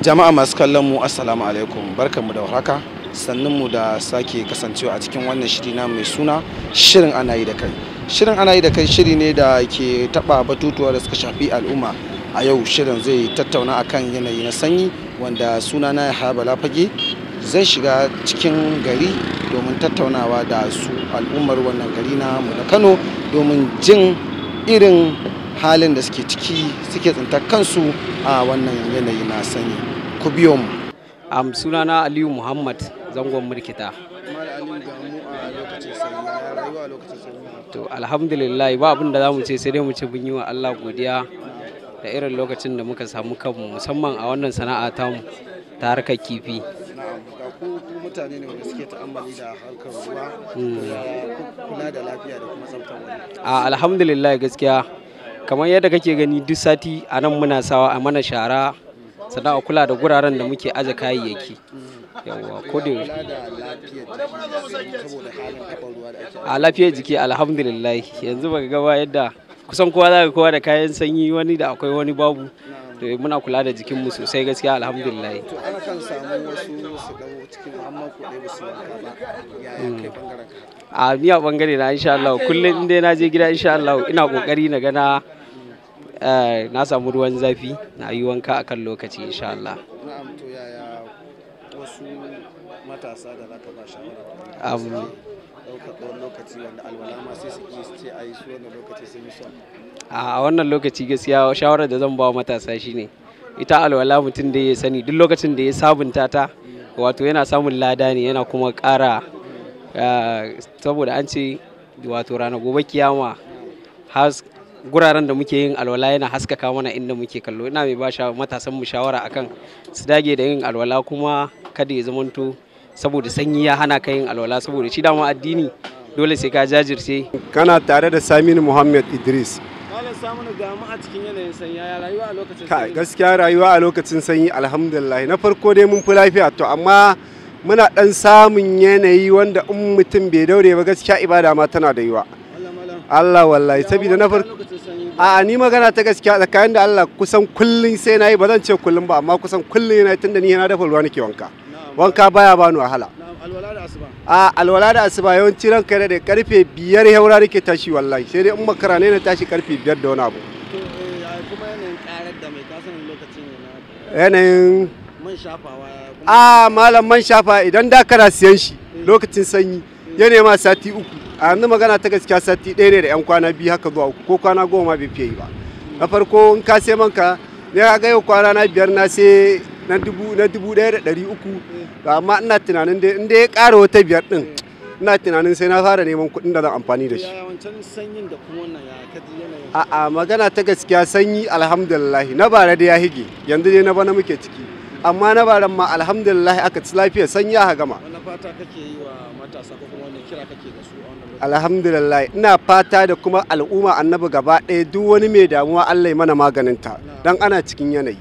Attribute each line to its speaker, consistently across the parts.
Speaker 1: jama'a masu kallon mu assalamu alaikum barkanmu da warhaka sannun mu da sake kasancewa a cikin wannan shiri na mai suna shirin ana yi da kai shirin ana yi da kai shiri ne da ke taba batutuwa da suka shafi al'umma a yau shirin zai tattauna akan yanayi na sanyi wanda suna na habala lafage zai shiga cikin gari domin tattaunawa da su al'ummar wannan gari na mu na kano domin jin irin halin da suke ciki suke tsintar kansu a wannan yanayi na sani ku biyo mu
Speaker 2: am sunana aliyu muhammad zangon mulkita to alhamdulillah ba abin da za mu ce sai dai mu ce mun yi wa allah godiya da irin lokacin da muka samu kanmu musamman a wannan sana'a ta mu ta harkar kifi
Speaker 1: mutane ne wanda suke ta'ammali da harkar ruwa hmm. da lafiya da kuma tsaftar a
Speaker 2: alhamdulillah gaskiya kamar yadda kake gani duk sati a nan muna sawa a mana shara sannan a kula da guraren da muke aje kayayyaki yawwa ko da a lafiyar jiki alhamdulillah yanzu baka gaba yadda kusan kowa za kowa da kayan sanyi wani da akwai wani babu to muna kula da jikinmu sosai gaskiya alhamdulillah
Speaker 1: to ana kan samu wasu su dawo cikin amma ko dai ba ya kai hmm. bangaren
Speaker 2: ka a miya bangare na insha Allah kullun inda na je gida insha Allah ina kokari na gana Eh, na samu ruwan zafi na yi wanka a kan lokaci insha Allah.
Speaker 1: Na'am to yaya wasu matasa da ba shawara? ɗaukar lokaci wanda sai su iya ce a yi su wannan lokaci sun yi
Speaker 2: A wannan lokaci gaskiya shawarar da zan ba wa matasa shine ita alwala mutum da ya sani duk lokacin da ya sabunta ta wato yana samun lada ne yana kuma ƙara eh, saboda an ce wato rana gobe kiyama guraren da muke yin alwala yana haskaka mana inda muke kallo ina mai ba matasan mu shawara akan su dage da yin alwala kuma kada ya zamanto saboda sanyi ya hana ka yin alwala saboda
Speaker 3: shi dama addini dole sai ka jajirce kana tare da Saminu Muhammad Idris
Speaker 1: Malam ga mu a cikin yanayin sanyi ya rayuwa a lokacin
Speaker 3: sanyi gaskiya rayuwa a lokacin sanyi alhamdulillah na farko dai mun fi lafiya to amma muna dan samun yanayi wanda in mutum bai daure ba gaskiya ibada ma tana da yiwa Allah wallahi saboda na farko a ni magana ta gaskiya tsakanin da Allah kusan kullun sai nayi ba zan ce kullun ba amma kusan kullun yana tunda ni yana dafa ruwa nake wanka wanka baya bani wahala
Speaker 1: alwala da asuba
Speaker 3: a alwala da asuba yawanci ranka da karfe biyar haura nake tashi wallahi sai dai in makara ne na tashi karfe biyar da wani abu eh,
Speaker 1: kuma yanayin karar da mai kasan
Speaker 3: lokacin yanayin
Speaker 1: man shafawa
Speaker 3: a malam man shafa idan da kana siyan shi eh. lokacin sanyi ya ma sati uku a yanzu magana ta gaskiya sati ɗaya ne da yan kwana biyu haka zuwa ko kwana goma bai fiye ba na farko in ka sai manka ne ka yau kwana na biyar na sai na dubu na dubu ɗaya da ɗari uku amma ina tunanin dai inda ya ƙara wata biyar ɗin ina tunanin sai na fara neman kuɗin da zan amfani da shi a'a magana ta gaskiya sanyi alhamdulillah na bara da ya hige yanzu dai na bana muke ciki amma na bara ma alhamdulillah aka ci lafiya sanyi aka gama
Speaker 1: wani fata kake yi wa matasa ko
Speaker 3: kuma wani kira kake alhamdulillah ina fata da kuma al'umma annabi gaba ɗaya duk wani mai damuwa allah mana maganinta don ana cikin yanayi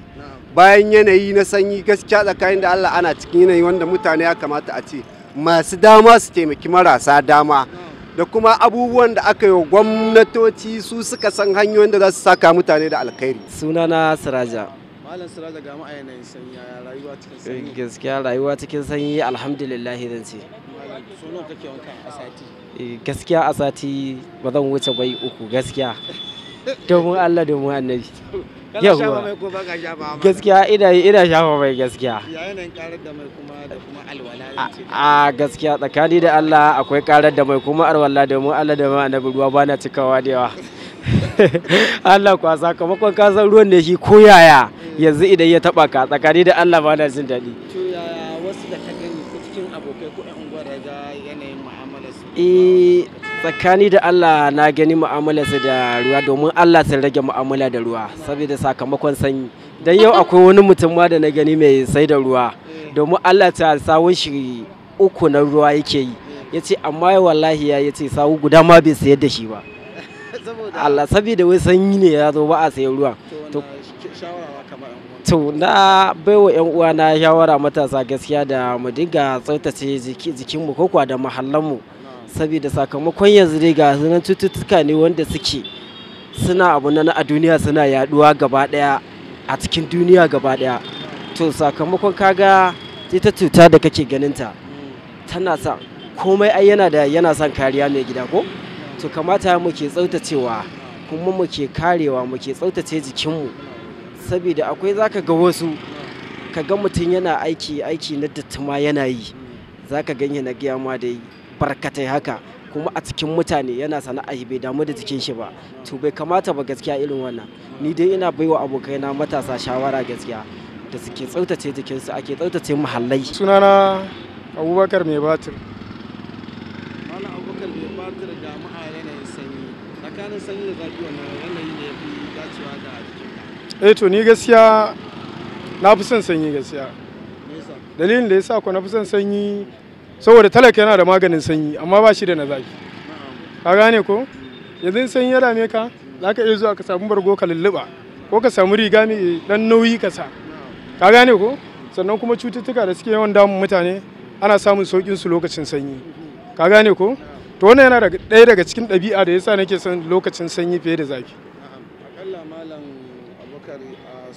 Speaker 3: bayan yanayi na sanyi gaskiya tsakanin da allah ana cikin yanayi wanda mutane ya kamata a ce masu dama su taimaki marasa dama da kuma abubuwan da aka yi gwamnatoci su suka san hanyoyin da za su saka mutane da alkhairi sunana siraja
Speaker 1: malam siraja ga a yanayin sanyi rayuwa cikin sanyi
Speaker 4: gaskiya rayuwa cikin sanyi alhamdulillah zan ce sunan kake wanka a sati Eh, gaskiya a sati ba zan wuce bai uku gaskiya domin Allah domin annabi yawwa gaskiya ina ina shafa mai gaskiya
Speaker 1: yayin karar da mai kuma da kuma alwala
Speaker 4: a gaskiya tsakani da Allah akwai karar da mai kuma alwala domin Allah da mai annabi ruwa bana cikawa da yawa Allah kwa sakamakon ka san ruwan da shi ko yaya eh. yanzu idan ya taba ka tsakani da Allah bana jin daɗi
Speaker 2: wasu da ka gani ko cikin abokai ko unguwa da ga yanayin mu'amalar
Speaker 4: su eh, tsakani da Allah na gani mu'amala su da ruwa domin Allah sun rage mu'amala da ruwa saboda sakamakon sanyi dan yau akwai wani mutum ma da na gani mai sai da ruwa eh. domin Allah ta sawun shi uku na ruwa yake yi eh. yace amma wallahi ya yace sawu guda ma bai sayar da shi ba Allah saboda wai sanyi ne ya zo ba a sayar ruwa to shawara to na baiwa yan uwana shawara matasa gaskiya da mu dinga tsautace jikinmu mu kuwa da mu saboda sakamakon yanzu dai ga sunan cututtuka ne wanda suke suna abu na a duniya suna yaduwa gaba daya a cikin duniya gaba daya to sakamakon kaga ita cuta da kake ganinta tana sa komai ai yana da yana son kariya mai gida ko to kamata muke tsautacewa kuma muke karewa muke tsautace jikinmu saboda akwai zaka ga wasu ka ga mutum yana aiki aiki na dattuma yana yi zaka ganye na gaya ma da barkatai haka kuma a cikin mutane yana sana'a bai damu da jikin shi ba to bai kamata ba gaskiya irin wannan ni dai ina baiwa abokaina matasa shawara gaskiya da suke tsautace jikinsu ake tsautace muhallai sunana abubakar mai batir
Speaker 1: malam abubakar mai batir ga ma'a yanayin sanyi tsakanin sanyi da zafi wannan yanayi ne
Speaker 5: eh to ni gaskiya na fi son sanyi gaskiya dalilin da yasa ko na fi son sanyi saboda talaka yana da maganin sanyi amma ba shi da na zafi ka gane ko yanzu sanyi ya dame ka za ka iya zuwa ka samu bargo ka lulluɓa ko ka samu riga mai dan nauyi ka sa ka gane ko sannan kuma cututtuka da suke yawan damun mutane ana samun saukin su lokacin sanyi ka gane ko to wannan yana ɗaya daga cikin ɗabi'a da yasa nake son lokacin sanyi fiye da zafi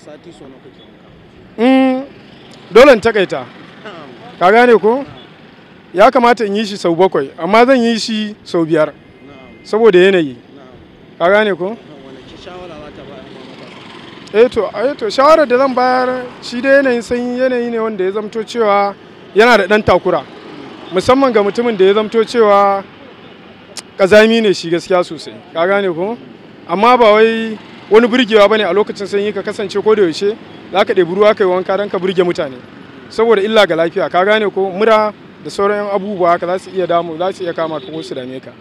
Speaker 1: sati so na kuke wanka
Speaker 5: mm, dole in takaita ka gane ko ya kamata in yi shi sau bakwai amma zan yi shi sau biyar saboda yanayi ka gane ko Eto eh eto eh shawarar da zan bayar shi da yanayin sanyi yanayi ne wanda ya zamto cewa yana da ɗan takura musamman ga mutumin da ya zamto cewa kazami ne shi gaskiya sosai ka gane ko amma ba wai wani burgewa bane a lokacin sanyi ka kasance ko da yaushe za ka ɗebi ruwa kai wanka don ka burge mutane saboda illa ga lafiya ka gane ko mura da sauran abubuwa haka za su iya damu za su iya kama ka ko dame ka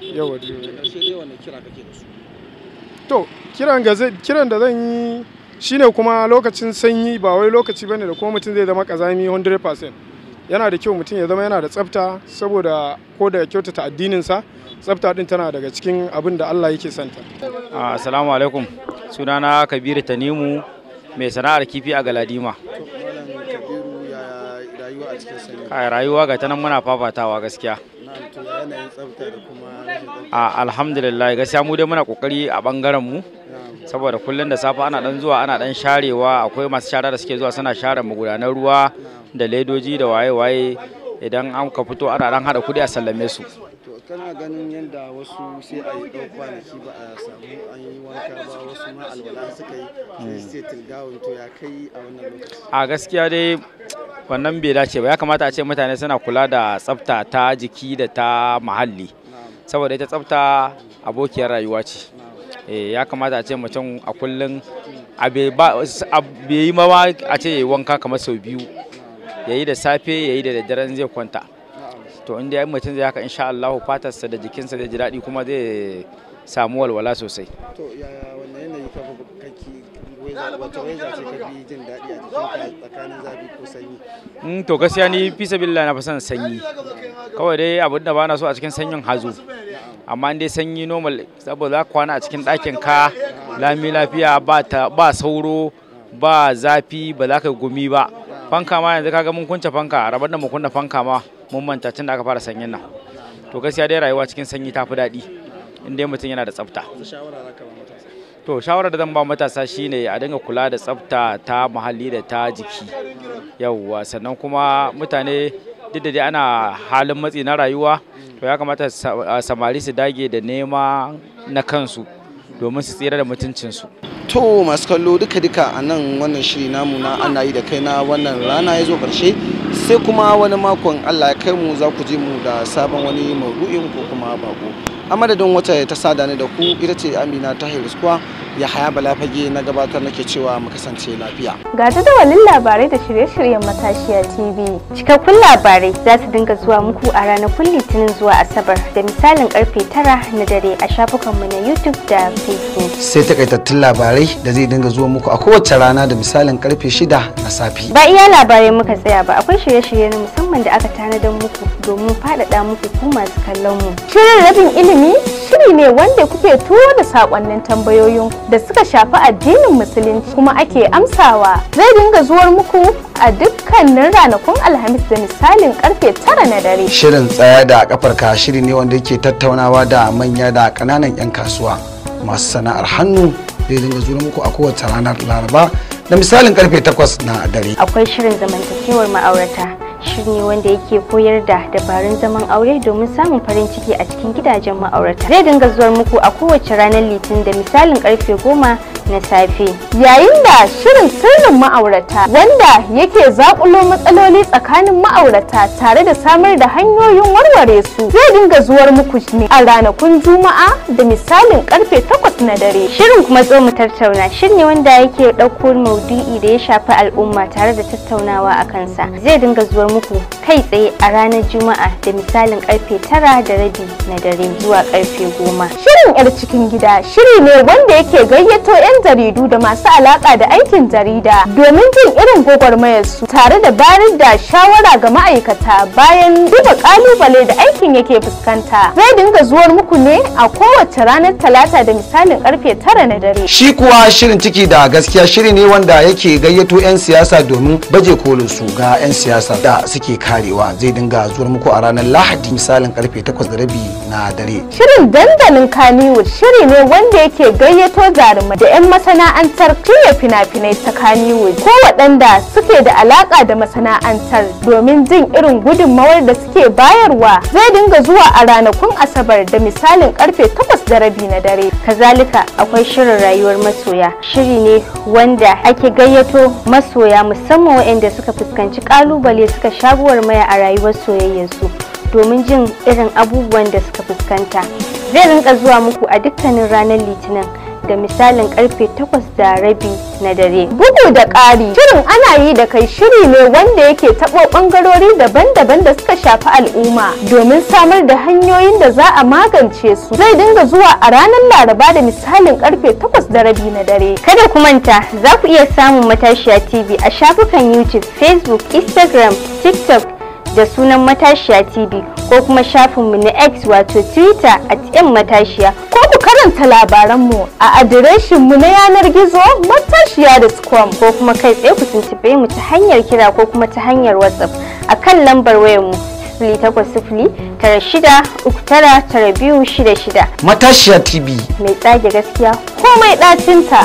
Speaker 5: yawa to kiran da zan yi shine kuma lokacin sanyi ba wai lokaci bane da kuma mutum zai zama kazami 100% yana da kyau mutum ya zama yana da tsafta saboda ko da kyautata addinin addininsa tsafta din tana daga cikin abin da Allah yake santa
Speaker 6: ah, assalamu alaikum sunana kabiru tanimu mai sana'ar kifi a galadima a ah, rayuwa ga ta muna fafatawa gaskiya a ah, alhamdulillah gaskiya mu dai muna kokari a bangaren mu saboda kullum da safe ana dan zuwa ana dan sharewa akwai masu shara da suke zuwa suna share magudanar ruwa da ledoji da waye-waye idan an ka fito ana dan hada kudi a sallame su
Speaker 1: kana ganin yadda wasu sai a yi ɗau kwanaki ba a samu an yi wanka ba wasu ma alwala suka yi hmm. sai tilgawun to ya kai a wannan lokaci
Speaker 6: a gaskiya dai wannan bai dace ba ya kamata a ce mutane suna kula da tsafta ta jiki da ta muhalli saboda ita tsafta abokiyar rayuwa ce eh, ya kamata a ce mutum a kullum a bai yi mawa a ce ya yi wanka kamar sau biyu ya yi da safe ya yi da daddaren zai kwanta to inda yayin mutum zai haka insha Allah fatarsa da jikinsa zai ji daɗi kuma zai samu walwala sosai to
Speaker 1: yaya wannan yanayi ka wata waiza ce ka fi jin daɗi a ka tsakanin zafi ko sanyi
Speaker 6: mm, to gaskiya ni fi sabilla na fi sanyi kawai dai abun da bana so a cikin sanyin hazo amma dai sanyi normal saboda za kwana a cikin ɗakin ka lami lafiya ba sauro ba zafi ba za ka gumi ba fanka ma yanzu kaga mun kunce fanka rabar da mu kunna fanka ma Mummanta tun da aka fara sanyin nan to gaskiya dai rayuwa cikin sanyi ta fi daɗi in dai mutum yana da tsafta to shawarar da zan ba matasa shine a dinga kula da tsafta ta muhalli da ta jiki yawwa sannan kuma mutane duk da dai ana halin matsi na rayuwa to ya kamata samari su dage da nema na kansu domin su tsira
Speaker 1: da mutuncinsu. To masu kallo duka-duka a nan wannan shiri namu na ana yi da kai na wannan rana ya zo ƙarshe sai kuma wani makon Allah ya kai mu za ku je mu da sabon wani maudu'in ko kuma bako. A madadin wata ta sada ni da ku ita ce Amina Tahir Square Yahaya fage na gabatar nake cewa mu kasance lafiya.
Speaker 7: Ga jadawalin labarai da
Speaker 8: shirye-shiryen matashiya TV. Cikakkun labarai za su dinga zuwa muku a ranakun Litinin zuwa Asabar da misalin karfe tara na dare a shafukanmu na YouTube da Facebook. Sai
Speaker 1: takaitattun labarai da zai dinga zuwa muku a kowace rana da misalin karfe shida na safe. Ba
Speaker 8: iya labarai muka tsaya ba akwai shirye-shirye na musamman da aka tanadar muku domin faɗaɗa muku ku masu kallon mu. Shirin rabin ilimi
Speaker 7: shiri ne wanda kuke tuwo da sakonnin tambayoyin da suka shafi addinin musulunci kuma ake amsawa zai dinga zuwar muku a dukkanin ranakun alhamis da misalin karfe tara na dare
Speaker 1: shirin tsaya da ka shiri ne wanda yake tattaunawa da manya da kananan 'yan kasuwa masu sana'ar hannu zai dinga zuwar muku a kowace ranar laraba da misalin karfe takwas na dare
Speaker 8: akwai shirin zamantakewar ma'aurata shiri wanda yake koyar da dabarun zaman aure domin samun farin ciki a cikin gidajen ma'aurata. Zai dinga zuwar muku a kowace ranar Litinin da misalin
Speaker 7: karfe goma na safe yayin da shirin sirrin ma'aurata wanda yake zaƙulo matsaloli tsakanin ma'aurata tare da samar da hanyoyin warware su zai dinga zuwar muku ne a ranakun juma'a da misalin karfe takwas na dare
Speaker 8: shirin kuma zo mu tattauna shirin ne wanda yake ɗauko maudu'i da ya shafi al'umma tare da tattaunawa a kansa zai dinga zuwar muku kai tsaye a ranar juma'a da misalin karfe
Speaker 7: tara da rabi na dare zuwa karfe goma. shirin yar cikin gida shiri ne wanda yake gayyato 'yan 'yan jaridu da masu alaƙa da aikin jarida domin jin irin gwagwarmayarsu tare da bayar da shawara ga ma'aikata bayan duba ƙalubale da aikin yake fuskanta. Zai dinga zuwar muku ne a kowace ranar talata da misalin karfe tara na dare. Shi kuwa
Speaker 1: shirin ciki da gaskiya shiri ne wanda yake gayyato 'yan siyasa domin baje kolin su ga 'yan siyasa da suke karewa zai dinga zuwar muku a ranar lahadi misalin karfe takwas da rabi na dare.
Speaker 7: Shirin dandalin Kaniwood shiri ne wanda yake gayyato jarumai da 'yan 'yan masana'antar shirya fina-finai ta Kannywood ko waɗanda suke da alaƙa da masana'antar domin jin irin gudunmawar da suke bayarwa zai dinga zuwa a ranakun Asabar da misalin karfe 8 da rabi na dare. Kazalika akwai shirin
Speaker 8: rayuwar masoya. Shiri ne wanda ake gayyato masoya musamman waɗanda suka fuskanci ƙalubale suka shaguwar maya a rayuwar soyayyarsu domin jin irin abubuwan da suka fuskanta. Zai rinka zuwa muku a dukkanin ranar Litinin. da
Speaker 7: misalin karfe 8 da rabi na dare. Bugu da ƙari, shirin ana yi da kai shiri ne wanda yake taɓo ɓangarori daban-daban da suka shafi al'umma domin samar da hanyoyin da za a magance su. Zai dinga zuwa a ranar Laraba da misalin karfe 8 da rabi na dare. Kada ku manta, za ku iya samun Matashiya TV a shafukan YouTube,
Speaker 8: Facebook, Instagram, TikTok da sunan Matashiya TV ko kuma shafinmu na X wato Twitter at matashiya karanta labaranmu a adireshinmu na yanar gizo matashiya da squam ko kuma kai tsaye ku tuntube mu ta hanyar kira ko kuma ta hanyar whatsapp a kan lambar wayarmu sifili takwas sifili tara shida uku tara tara biyu shida shida
Speaker 7: matashiya tv
Speaker 8: mai tsage gaskiya komai
Speaker 6: ɗacinta